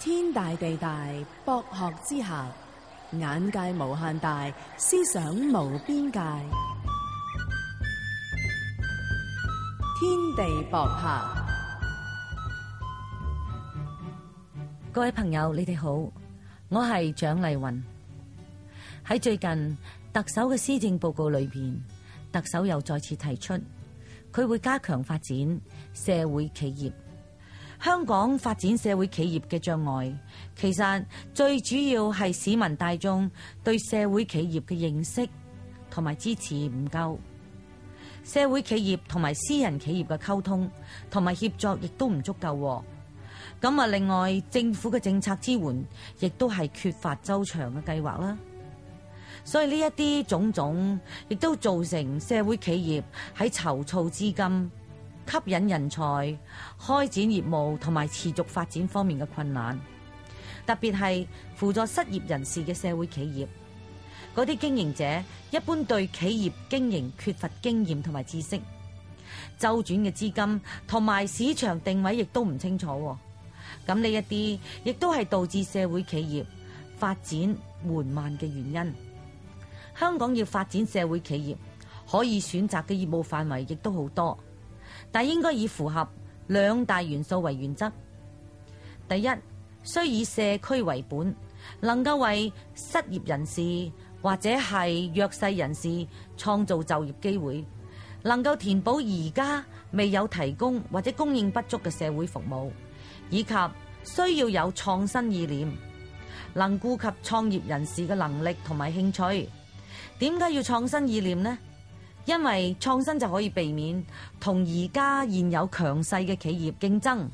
天大地大，博學之下，眼界無限大，思想無邊界。天地博客，各位朋友，你哋好，我係蔣麗芸。喺最近特首嘅施政報告裏邊，特首又再次提出，佢會加強發展社會企業。香港發展社會企業嘅障礙，其實最主要係市民大眾對社會企業嘅認識同埋支持唔夠，社會企業同埋私人企業嘅溝通同埋協作亦都唔足夠。咁啊，另外政府嘅政策支援亦都係缺乏周詳嘅計劃啦。所以呢一啲種種，亦都造成社會企業喺籌措資金。吸引人才、開展業務同埋持續發展方面嘅困難，特別係輔助失業人士嘅社會企業，嗰啲經營者一般對企業經營缺乏經驗同埋知識，周轉嘅資金同埋市場定位亦都唔清楚。咁呢一啲亦都係導致社會企業發展緩慢嘅原因。香港要發展社會企業，可以選擇嘅業務範圍亦都好多。但應該以符合兩大元素為原則。第一，需以社區為本，能夠為失業人士或者係弱勢人士創造就業機會，能夠填補而家未有提供或者供應不足嘅社會服務，以及需要有創新意念，能顧及創業人士嘅能力同埋興趣。點解要創新意念呢？因為創新就可以避免同而家現有強勢嘅企業競爭，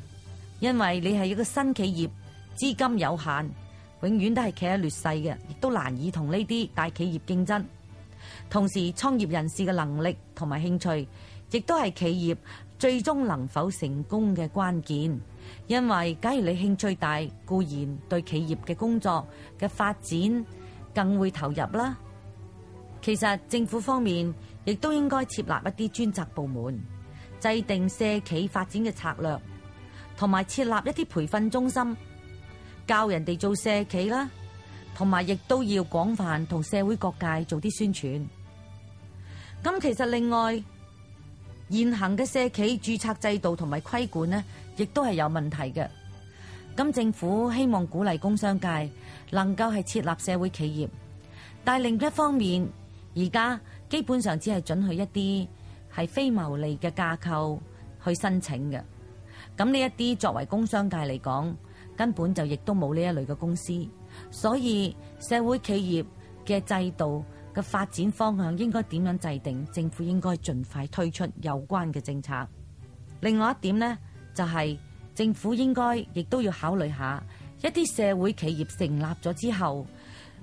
因為你係一個新企業，資金有限，永遠都係企喺劣勢嘅，亦都難以同呢啲大企業競爭。同時，創業人士嘅能力同埋興趣，亦都係企業最終能否成功嘅關鍵。因為假如你興趣大，固然對企業嘅工作嘅發展更會投入啦。其實政府方面亦都應該設立一啲專責部門，制定社企發展嘅策略，同埋設立一啲培訓中心，教人哋做社企啦，同埋亦都要廣泛同社會各界做啲宣傳。咁其實另外現行嘅社企注冊制度同埋規管呢，亦都係有問題嘅。咁政府希望鼓勵工商界能夠係設立社會企業，但另一方面。而家基本上只係准許一啲係非牟利嘅架構去申請嘅，咁呢一啲作為工商界嚟講，根本就亦都冇呢一類嘅公司，所以社會企業嘅制度嘅發展方向應該點樣制定？政府應該盡快推出有關嘅政策。另外一點呢，就係政府應該亦都要考慮下一啲社會企業成立咗之後，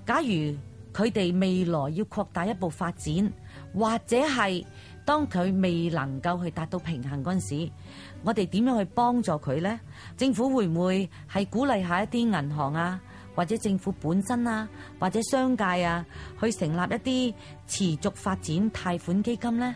假如。佢哋未來要擴大一步發展，或者係當佢未能夠去達到平衡嗰陣時候，我哋點樣去幫助佢呢？政府會唔會係鼓勵下一啲銀行啊，或者政府本身啊，或者商界啊，去成立一啲持續發展貸款基金呢？